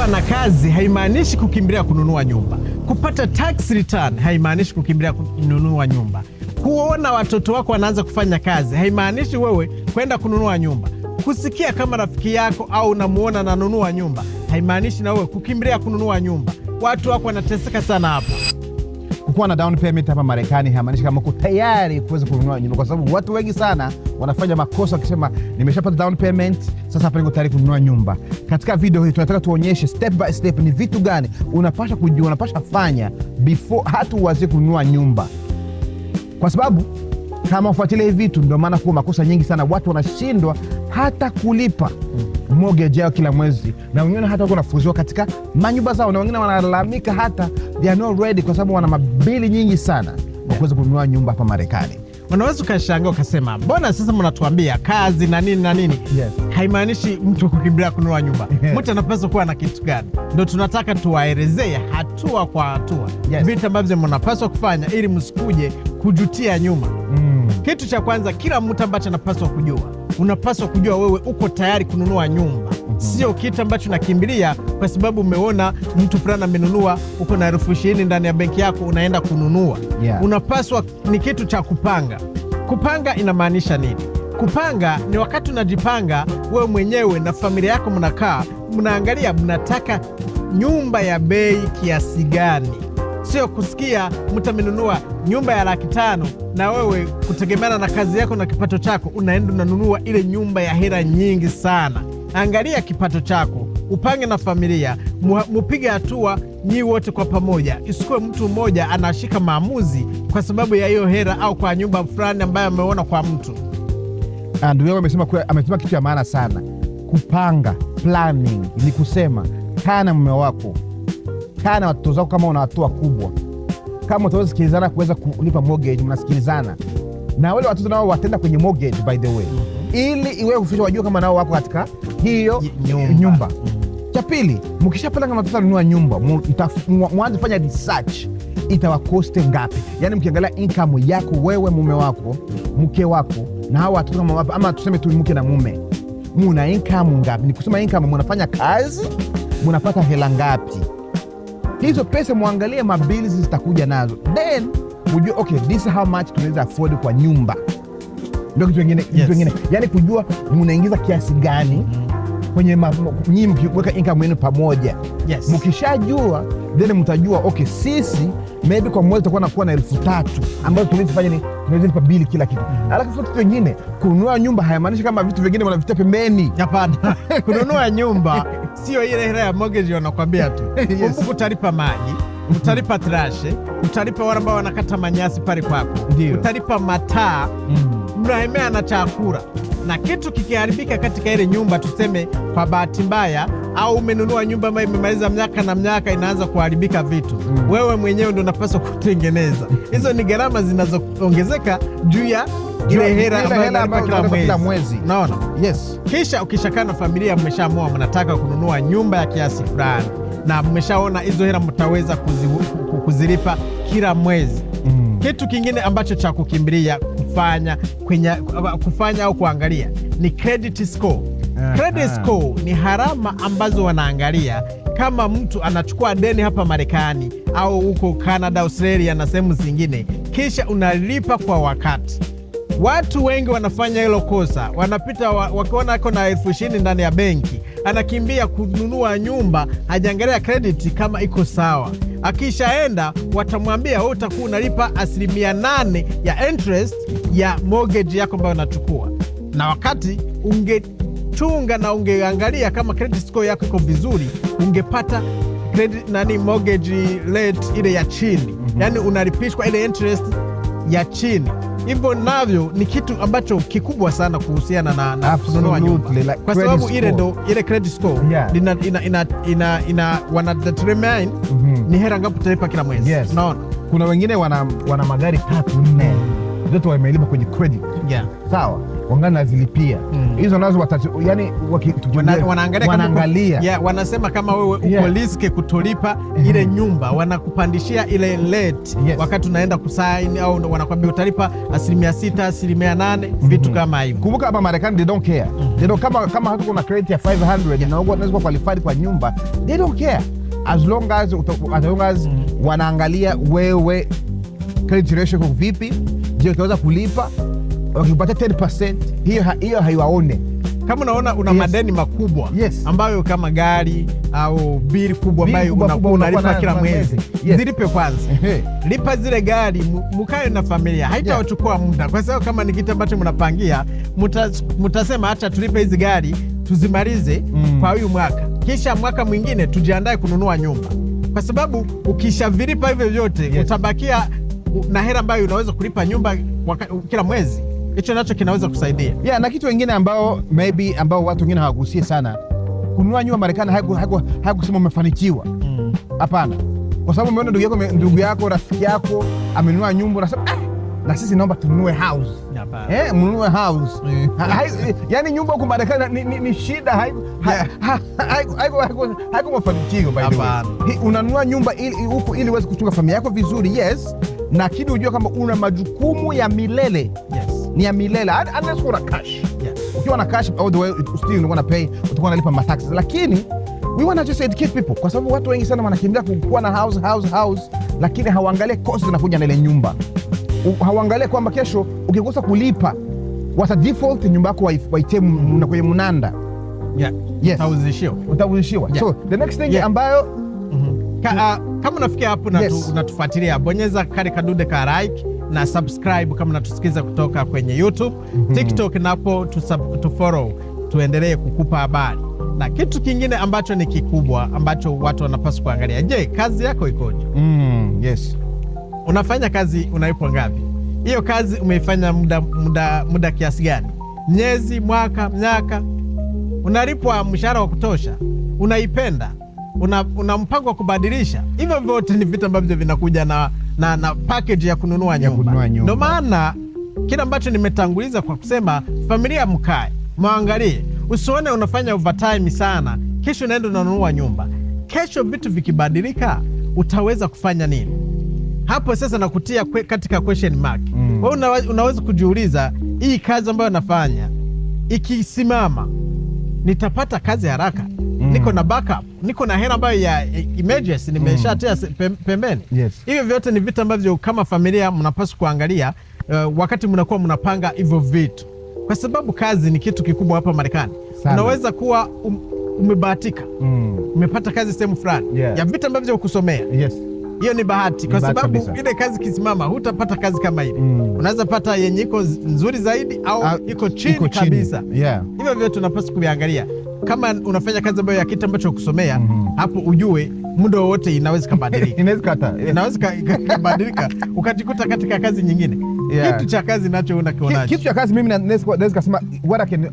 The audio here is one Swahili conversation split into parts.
kuwa na kazi haimaanishi kukimbilia kununua nyumba. Kupata tax return haimaanishi kukimbilia kununua nyumba. Kuona watoto wako wanaanza kufanya kazi haimaanishi wewe kwenda kununua nyumba. Kusikia kama rafiki yako au unamuona nanunua nyumba haimaanishi na wewe kukimbilia kununua nyumba. Watu wako wanateseka sana hapa kuwa na down payment hapa Marekani haimaanishi kama uko tayari kuweza kununua nyumba, kwa sababu watu wengi sana wanafanya makosa wakisema nimeshapata down payment, sasa hapa niko tayari kununua nyumba. Katika video hii tunataka tuonyeshe step by step ni vitu gani unapasha kujua, unapasha fanya before hata uanze kununua nyumba, kwa sababu kama ufuatilia hivi vitu, ndio maana kuwa makosa nyingi sana watu wanashindwa hata kulipa hmm mortgage yao kila mwezi, na wengine hata wako nafuziwa katika manyumba zao, na wengine wanalalamika hata they are not ready, kwa sababu wana mabili nyingi sana yeah, kuweza kununua nyumba hapa Marekani. Unaweza ukashangaa ukasema mbona sasa mnatuambia kazi na nini na nini? Yes. Haimaanishi mtu kukimbilia kununua nyumba. Yes. Mtu anapaswa kuwa na kitu gani? Ndio tunataka tuwaelezee hatua kwa hatua. Yes. Vitu ambavyo mnapaswa kufanya ili msikuje kujutia nyuma. Mm. Kitu cha kwanza kila mtu ambacho anapaswa kujua unapaswa kujua wewe uko tayari kununua nyumba, mhm. sio kitu ambacho nakimbilia kwa sababu umeona mtu fulani amenunua, uko na elfu ishirini ndani ya benki yako, unaenda kununua yeah. Unapaswa ni kitu cha kupanga. Kupanga inamaanisha nini? Kupanga ni wakati unajipanga wewe mwenyewe na familia yako, mnakaa mnaangalia, mnataka nyumba ya bei kiasi gani sio kusikia mtu amenunua nyumba ya laki tano na wewe kutegemeana na kazi yako na kipato chako unaenda unanunua ile nyumba ya hela nyingi sana. Angalia kipato chako, upange na familia, mupige hatua nyii wote kwa pamoja, isikuwe mtu mmoja anashika maamuzi kwa sababu ya hiyo hela au kwa nyumba fulani ambayo ameona kwa mtu. Ah, ndugu yangu amesema, amesema kitu ya maana sana, kupanga planning, ni kusema kaa na mume wako kaa watoto zako kama una watoto wakubwa, kama utaweza sikilizana kuweza kulipa mortgage, mnasikilizana na wale watoto nao watenda kwenye mortgage by the way mm -hmm. ili iwe kufisha wajue kama nao wako katika hiyo nyumba, nyumba. Mm -hmm. Cha pili, mkishapata kama mtoto anunua nyumba, mwanze fanya research itawakoste ngapi, yaani mkiangalia income yako wewe, mume wako, mke wako na hawa watoto kama wapi, ama tuseme tu mke na mume, muna income ngapi? Nikusema income, mnafanya kazi mnapata hela ngapi? hizo pesa mwangalie mabili zitakuja nazo, then ujue okay, this how much tunaweza afford kwa nyumba. Ndio kitu kingine, kitu kingine yes. Yani kujua mnaingiza kiasi gani mm -hmm. kwenye nyinyi mkiweka income yenu pamoja yes. Mkishajua then mtajua okay, sisi maybe kwa mwezi utakuwa nakuwa na elfu tatu ambazo tulizifanya ni tunazilipa bili kila kitu. Alafu kitu kingine, kununua nyumba hayamaanishi kama vitu vingine wanavitia pembeni. Hapana, kununua nyumba sio ile hela ya mortgage wanakwambia tu yes. Utalipa maji, utalipa trashe, utalipa wale ambao wanakata manyasi pale kwako, utalipa mataa, mm. mnaemea na chakula na kitu kikiharibika katika ile nyumba, tuseme kwa bahati mbaya, au umenunua nyumba ambayo imemaliza miaka na miaka, inaanza kuharibika vitu mm. Wewe mwenyewe ndio unapaswa kutengeneza. Hizo ni gharama zinazoongezeka juu ya ile hela kila mwezi unaona. Yes, kisha ukishakaa na familia, mmeshaamua mnataka kununua nyumba ya kiasi fulani, na mmeshaona hizo hela mtaweza kuzi, kuzilipa kila mwezi mm. Kitu kingine ambacho cha kukimbilia kufanya kwenye, kufanya au kuangalia ni credit score. Credit score ni harama ambazo wanaangalia kama mtu anachukua deni hapa Marekani au huko Canada, Australia na sehemu zingine, kisha unalipa kwa wakati Watu wengi wanafanya hilo kosa, wanapita wakiona ako na elfu ishirini ndani ya benki, anakimbia kununua nyumba, hajaangalia krediti kama iko sawa. Akishaenda watamwambia wewe utakuwa unalipa asilimia nane ya interest ya mortgage yako ambayo unachukua, na wakati ungechunga na ungeangalia kama credit score yako iko vizuri, ungepata credit nani mortgage rate ile ya chini, mhm. yani unalipishwa ile interest ya chini hivyo navyo ni kitu ambacho kikubwa sana kuhusiana na, na kununua nyumba like kwa sababu ile ndo ile credit score yeah. ina, ina, ina, ina, ina wana determine mm -hmm. ni hera ngapi utalipa kila mwezi yes. Unaona kuna wengine wana, wana magari tatu nne zote wamelipa kwenye credit yeah. sawa wangana nazilipia hmm. hizo mm. nazo watati, yani Wana, wanaangalia, wanaangalia. Ya, wanasema kama wewe uko yeah. kutolipa hmm. ile nyumba wanakupandishia ile let yes. wakati unaenda kusaini au wanakwambia utalipa asilimia sita asilimia nane mm -hmm. vitu kama hivyo. Kumbuka hapa Marekani they don't care mm -hmm. they don't, kama, kama hatuko na credit ya 500 na kwa qualified kwa nyumba they don't care as long as, as, long as mm -hmm. wanaangalia wewe credit ratio vipi, je utaweza kulipa wakikupatia 10% hiyo, hiyo haiwaone kama unaona una yes. madeni makubwa yes. ambayo kama gari au bili kubwa ambayo unalipa kila mwezi yes. zilipe kwanza. Lipa zile gari, mukae na familia, haitawachukua yeah. muda, kwa sababu kama ni kitu ambacho mnapangia, mtasema hacha tulipe hizi gari tuzimalize mm. kwa huyu mwaka, kisha mwaka mwingine tujiandae kununua nyumba, kwa sababu ukishavilipa hivyo vyote yes. utabakia na hela ambayo unaweza kulipa nyumba kila mwezi hicho nacho kinaweza kusaidia yeah, na kitu wengine ambao maybe ambao watu wengine hawagusii sana kununua nyumba Marekani hakusema umefanikiwa. Mm. Hapana, kwa sababu umeona ndugu yako, ndugu yako, rafiki yako amenunua nyumba, unasema ah, na sisi naomba tununue house. Eh, mnunue house. Yaani nyumba huko Marekani ni shida, haiko mafanikio by the way. Unanunua nyumba huko ili uweze kuchunga familia yako vizuri, yes, lakini hujua kama una majukumu ya milele yes ni ya milele unless una cash. Ukiwa na cash all the way still unakuwa na pay, utakuwa unalipa mataxi. Lakini we want to just educate people kwa sababu watu wengi sana wanakimbia kukuwa na house house house, lakini hawaangalie cost zinakuja na ile nyumba. Hawaangalie kwamba kesho ukikosa kulipa wata default nyumba yako waite na kwenye mnanda. Yeah. Yes. Utauzishiwa. Utauzishiwa. Yeah. So the next thing yeah, ambayo mm -hmm. Ka, uh, kama unafikia hapo na yes, unatufuatilia bonyeza kale kadude ka like na subscribe kama natusikiza kutoka kwenye YouTube, mhm. TikTok napo tufollow, tuendelee kukupa habari. Na kitu kingine ambacho ni kikubwa ambacho watu wanapaswa kuangalia, je, kazi yako ikoje? Mm, yes. Unafanya kazi unaipwa ngapi? Hiyo kazi umeifanya muda, muda, muda kiasi gani? Miezi, mwaka, miaka? Unalipwa mshahara wa kutosha? Unaipenda? Una, una mpango wa kubadilisha? Hivyo vyote ni vitu ambavyo vinakuja na na, na package ya kununua nyumba. Ndio maana kile ambacho nimetanguliza kwa kusema familia, mkae mwangalie, usione unafanya overtime sana, kesho unaenda unanunua nyumba. Kesho vitu vikibadilika, utaweza kufanya nini? Hapo sasa nakutia kwe, katika question mark mm. Wewe unaweza kujiuliza hii kazi ambayo nafanya ikisimama, nitapata kazi haraka? mm. niko na backup niko na hela ambayo ya emergency nimeshatia mm. pembeni Hivyo vyote ni vitu ambavyo kama familia mnapaswa kuangalia uh, wakati mnakuwa mnapanga hivyo vitu, kwa sababu kazi ni kitu kikubwa hapa Marekani. Unaweza kuwa um, umebahatika mm. umepata kazi sehemu fulani yeah. ya vitu ambavyo ukusomea yes. Hiyo ni bahati kwa sababu Ile kazi kisimama, hutapata kazi kama ile mm. Unaweza pata yenye iko nzuri zaidi au iko chini, chini kabisa yeah. Hivyo vyote tunapaswa kuviangalia kama unafanya kazi ambayo ya kitu ambacho kusomea mm -hmm. hapo ujue muda wowote inaweza kabadilika inaweza kabadilika ukajikuta katika kazi nyingine yeah. kitu cha kazi nacho unakiona kitu cha kazi mimi naweza kusema what I can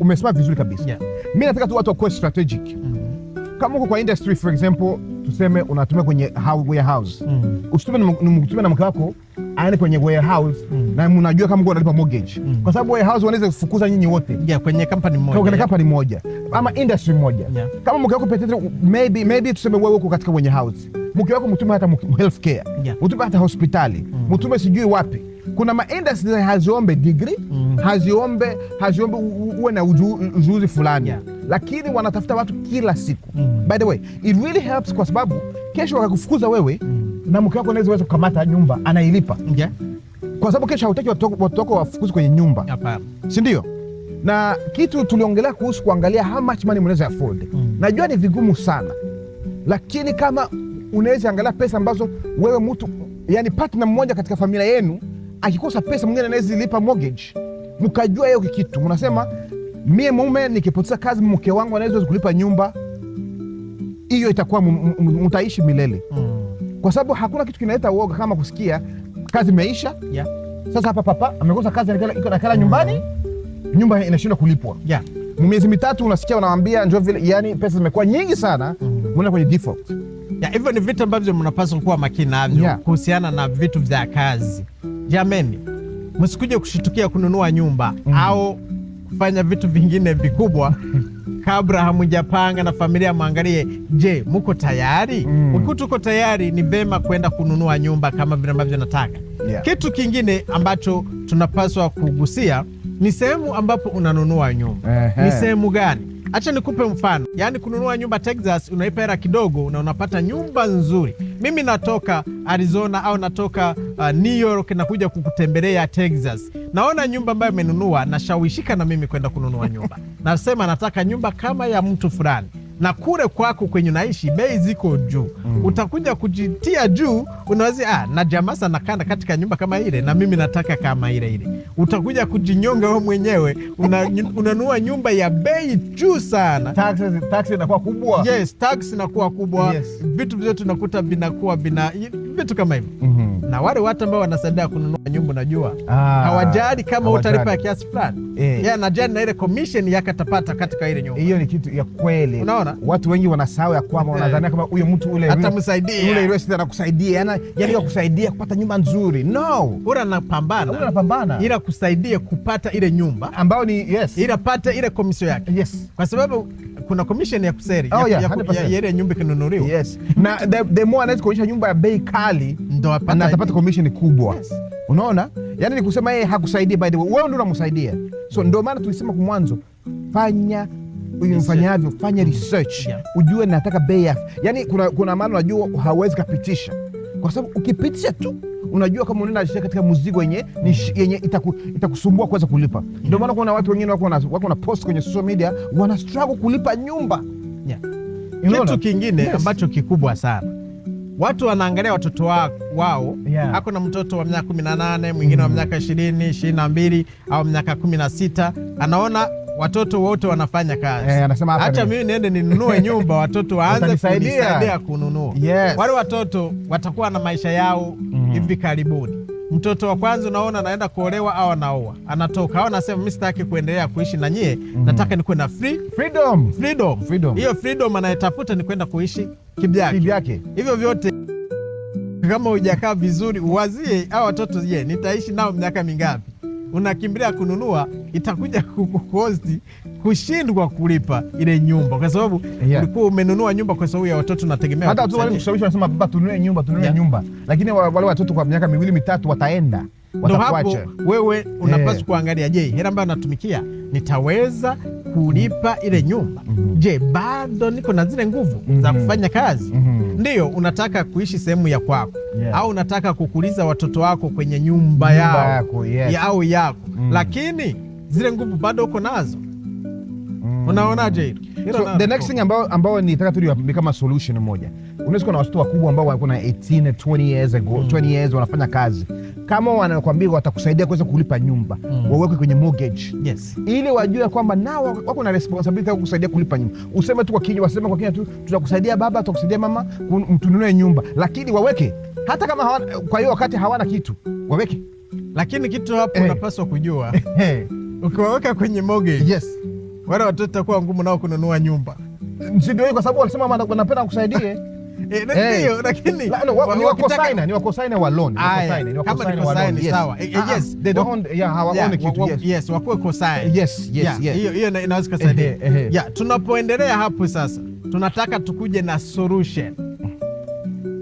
umesema vizuri kabisa yeah. mimi nataka tu watu wakuwe strategic mm -hmm. kama uko kwa industry for example tuseme unatumia kwenye warehouse mm. usitume nimkutumia na mke wako aende kwenye warehouse mm. na mnajua kama unalipa mortgage mm. kwa sababu warehouse wanaweza kufukuza nyinyi wote yeah, kwenye company moja, kwenye company moja ama industry moja yeah. Kama mke wako maybe maybe tuseme wewe uko katika wenye house, mke wako mtume hata healthcare yeah. Mtume hata hospitali mm. Mtume sijui wapi kuna maindustry haziombe degree mm. haziombe haziombe uwe na ujuzi fulani yeah. Lakini wanatafuta watu kila siku mm. By the way it really helps kwa sababu kesho wakakufukuza wewe mm. na mke wako anaweza kukamata nyumba anailipa yeah. Kwa sababu kesho hautaki watoto wako wafukuzwe kwenye nyumba, si ndio? na kitu tuliongelea kuhusu kuangalia how much money unaweza afford mm. Najua ni vigumu sana, lakini kama unaweza angalia pesa ambazo wewe mtu yani partner mmoja katika familia yenu akikosa pesa mwingine anaweza lipa mortgage, mkajua hiyo kitu mnasema, mie mume nikipoteza kazi mke wangu anaweza kulipa nyumba hiyo, itakuwa mtaishi milele mm. Kwa sababu hakuna kitu kinaleta uoga kama kusikia kazi imeisha, yeah. Sasa hapa papa amekosa kazi, nakala nyumbani mm nyumba inashindwa kulipwa yeah. Miezi mitatu unasikia wanawaambia njo vile, yani pesa zimekuwa nyingi sana mm. Mnaenda kwenye default yeah, hivyo ni vitu ambavyo mnapaswa kuwa makini navyo yeah. Kuhusiana na vitu vya kazi, jameni, msikuje kushitukia kununua nyumba mm. au kufanya vitu vingine vikubwa kabla hamujapanga na familia, mwangalie, je, muko tayari mm. Ukikuta uko tayari, ni vema kwenda kununua nyumba kama vile ambavyo nataka yeah. Kitu kingine ambacho tunapaswa kugusia ni sehemu ambapo unanunua nyumba ni sehemu gani? Acha nikupe mfano, yaani kununua nyumba Texas, unaipa hela kidogo na unapata nyumba nzuri. Mimi natoka Arizona au natoka uh, New York na kuja kukutembelea Texas, naona nyumba ambayo imenunua, nashawishika na mimi kwenda kununua nyumba, nasema nataka nyumba kama ya mtu fulani na kule kwako kwenye unaishi bei ziko juu mm. Utakuja kujitia juu, unawazi ah, na jamasa nakanda katika nyumba kama ile, na mimi nataka kama ile ile. Utakuja kujinyonga wewe mwenyewe, unanua nyumba ya bei juu sana, tax inakuwa kubwa. Yes, tax inakuwa kubwa, vitu vyote unakuta vinakuwa vina vitu kama hivyo mm -hmm na wale watu ambao wanasaidia kununua nyumba unajua, ah, hawajali kama utalipa ya kiasi fulani eh, anajali na ile commission yake atapata katika ile nyumba. Hiyo ni kitu ya kweli, unaona. Watu wengi wanasahau ya kwamba eh. wanadhania kama huyo mtu ule atamsaidia ule ile sita anakusaidia, yani yaani ya kusaidia kupata nyumba nzuri. No, bora anapambana, bora anapambana, ila kusaidia kupata ile nyumba ambayo ni yes, ila pate ile commission yake yes, kwa sababu kuna commission ya kuseri oh, ya, yeah, ya, nyumba kinunuliwa. yes. na the, the more anaweza kuonyesha nyumba ya bei kali ndo atapata commission kubwa yes. Unaona, yani ni kusema yeye hakusaidia, by the way, wewe ndio unamsaidia. So ndio maana tulisema kwa mwanzo, fanya mfanyavyo, fanya mm. research yeah. Ujue nataka bei, yani kuna, kuna maana unajua hauwezi kapitisha, kwa sababu ukipitisha tu unajua kama unaenda shia katika mzigo wenye yenye itakusumbua kuweza kulipa. Ndio maana kuna watu wengine wako na post kwenye social media wana struggle kulipa nyumba. Kitu kingine ambacho kikubwa sana watu wanaangalia watoto wao wao yeah. Ako na mtoto wa miaka kumi na nane mwingine wa mm. miaka ishirini ishirini na mbili au miaka kumi na sita anaona watoto wote wanafanya kazi eh, hacha mimi niende ninunue nyumba watoto waanze kunisaidia kununua yes. Wale watoto watakuwa na maisha yao mm hivi karibuni. Mtoto wa kwanza unaona anaenda kuolewa au anaoa, anatoka au anasema mimi sitaki kuendelea kuishi na nyie mm. nataka nikuwe na free freedom, freedom, freedom. Hiyo freedom anayetafuta ni kwenda kuishi kibyake Hivyo vyote kama hujakaa vizuri, uwazie au watoto, je, nitaishi nao miaka mingapi? Unakimbilia kununua, itakuja kukukosti kushindwa kulipa ile nyumba kwa sababu yeah. Ulikuwa umenunua nyumba kwa sababu ya watoto, nategemea hata watu wale kushawishi, wanasema baba, tununue nyumba tununue yeah. nyumba, lakini wale watoto kwa miaka miwili mitatu wataenda ndo hapo wewe unapaswa yeah. kuangalia, je, hela ambayo natumikia nitaweza kulipa ile nyumba? mm -hmm. Je, bado niko na zile nguvu mm -hmm. za mhm. kufanya kazi? mm -hmm. Ndiyo, unataka kuishi sehemu ya kwako yeah. au unataka kukuliza watoto wako kwenye nyumba, nyumba yao yako, yes. ya au yako mm. lakini zile nguvu bado uko nazo Mm. Unaonaje hilo? So, the next thing ambao ambao nitaka tu ni kama solution moja. Unaweza kuna watoto wakubwa ambao walikuwa na 18 20 years ago, mm. 20 years wanafanya kazi. Kama wanakuambia watakusaidia kuweza kulipa nyumba, mm. waweke kwenye mortgage. Yes. Ili wajue kwamba nao wako na responsibility ya kukusaidia kulipa nyumba. Useme tu kwa kinywa, waseme kwa kinywa tu tutakusaidia baba, tutakusaidia mama, mtununue nyumba. Lakini waweke hata kama hawana, kwa hiyo wakati hawana kitu, waweke. Lakini kitu hapo eh. unapaswa hey. kujua. Hey. Eh. Ukiwaweka kwenye mortgage. Yes wale watoto takuwa ngumu nao kununua nyumba, ndio kwa sababu walisema wanapenda kusaidie tunapoendelea hapo sasa, tunataka tukuje na solution.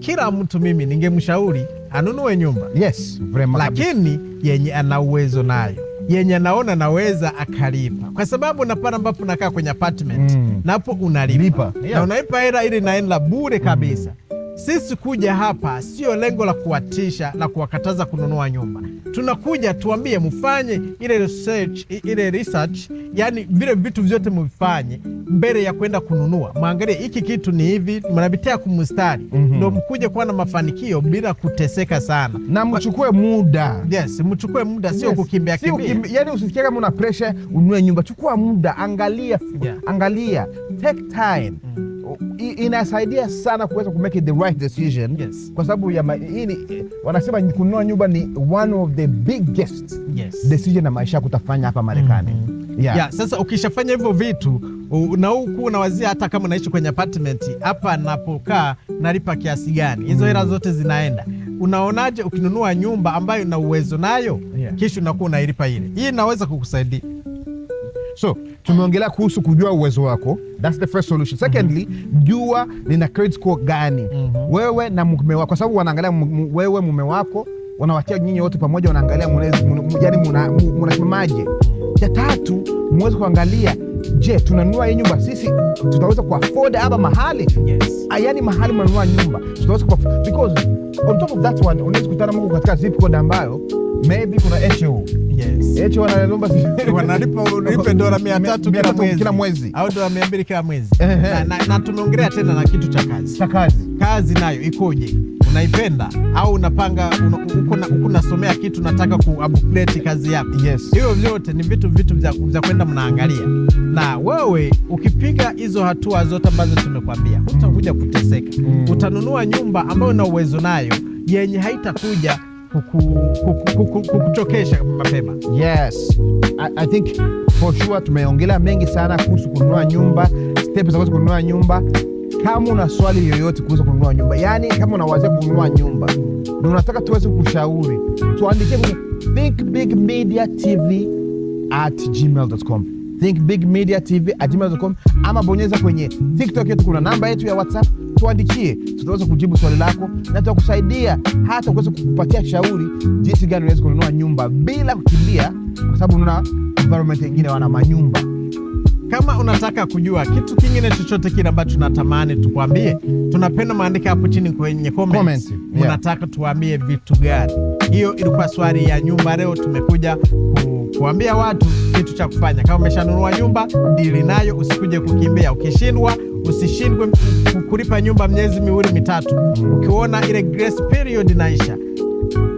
Kila mtu mimi ningemshauri anunue nyumba, yes, lakini yenye ana uwezo nayo yenye anaona naweza akalipa, kwa sababu na ambapo nakaa kwenye apartment mm. napo unalipa yeah. na unalipa hela ili inaenda bure kabisa mm. Sisi kuja hapa sio lengo la kuwatisha na kuwakataza kununua nyumba. Tunakuja tuambie mfanye ile research, ile research, yani vile vitu vyote mvifanye mbele ya kwenda kununua, mwangalie hiki kitu ni hivi, mnabitea kumstari mhm. ndo mm -hmm. mkuje kuwa na mafanikio bila kuteseka sana, na mchukue muda yes, mchukue muda sio yes. kukimbia kimbia, si yani usifikie kama una pressure ununue nyumba. Chukua muda, angalia yeah. angalia, take time mm -hmm inasaidia sana kuweza kumake the right decision yes. Kwa sababu ya hii wanasema kununua nyumba ni one of the biggest yes. decision na maisha kutafanya hapa Marekani mm -hmm. yeah. Yeah, sasa ukishafanya hivyo vitu na huku unawazia hata kama naishi kwenye apartment hapa napokaa nalipa kiasi gani, hizo hela mm. zote zinaenda unaonaje ukinunua nyumba ambayo ina uwezo nayo yeah. Kisha unakuwa unailipa ile hii inaweza kukusaidia So tumeongelea kuhusu kujua uwezo wako, that's the first solution. Secondly, jua nina credit score gani? mm -hmm. wewe na mume wako, kwa sababu wanaangalia wewe mume wako wanawatia nyinyi wote pamoja, wanaangalia yani munasimamaje. Cha tatu muweze kuangalia, je, tunanunua hii nyumba sisi tutaweza kuafford hapa mahali? Yes. Ah, yani mahali mnanunua nyumba tutaweza because on top of that one unaweza kutana Mungu katika zip code ambayo maybe kuna HO. Yes. HO wanalipa wanalipa ulipe dola 300 kila mwezi. Kila mwezi. Au dola 200 kila mwezi. Na, na, na tumeongelea tena na kitu cha kazi. Cha kazi. Kazi nayo ikoje? Unaipenda au unapanga uko nasomea kitu nataka ku upgrade kazi yako. Yes. Hiyo vyote ni vitu vitu vya kwenda mnaangalia. Na wewe ukipiga hizo hatua zote ambazo tumekwambia, utakuja kuteseka. Mm. Utanunua nyumba ambayo una uwezo nayo yenye haitakuja kukuchokesha kuku, kuku mapema. Yes, I, I think for sure tumeongelea mengi sana kuhusu kununua nyumba, steps za kununua nyumba. Kama una swali yoyote kuweza kununua nyumba, yaani kama unawazia kununua nyumba na unataka tuweze kushauri, tuandikie thinkbigmediatv@gmail.com thinkbigmediatv@gmail.com, ama bonyeza kwenye TikTok yetu, kuna namba yetu ya WhatsApp tuandikie, tutaweza kujibu swali lako na tutakusaidia hata kuweza kukupatia shauri jinsi gani unaweza kununua nyumba bila kukimbia, kwa sababu una environment nyingine wana manyumba. Kama unataka kujua kitu kingine chochote kile ambacho tunatamani tukuambie, tunapenda maandika hapo chini kwenye comment, unataka yeah, tuwaambie vitu gani? Hiyo ilikuwa swali ya nyumba. Leo tumekuja kuambia watu kitu cha kufanya. Kama umeshanunua nyumba, dili nayo, usikuje kukimbia. Ukishindwa, usishindwe kulipa nyumba miezi miwili mitatu, ukiona ile grace period naisha,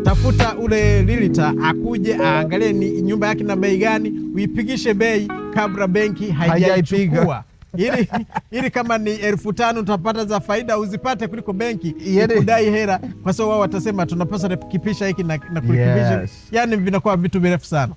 tafuta ule lilita akuje aangalie ni nyumba yake na bei gani, uipigishe bei kabla benki haijaipiga ili, ili kama ni elfu tano utapata za faida uzipate kuliko benki yaani kudai hela, kwa sababu wao watasema tunapasa kukipisha hiki na, na kulikipisha yes. Yani vinakuwa vitu virefu sana.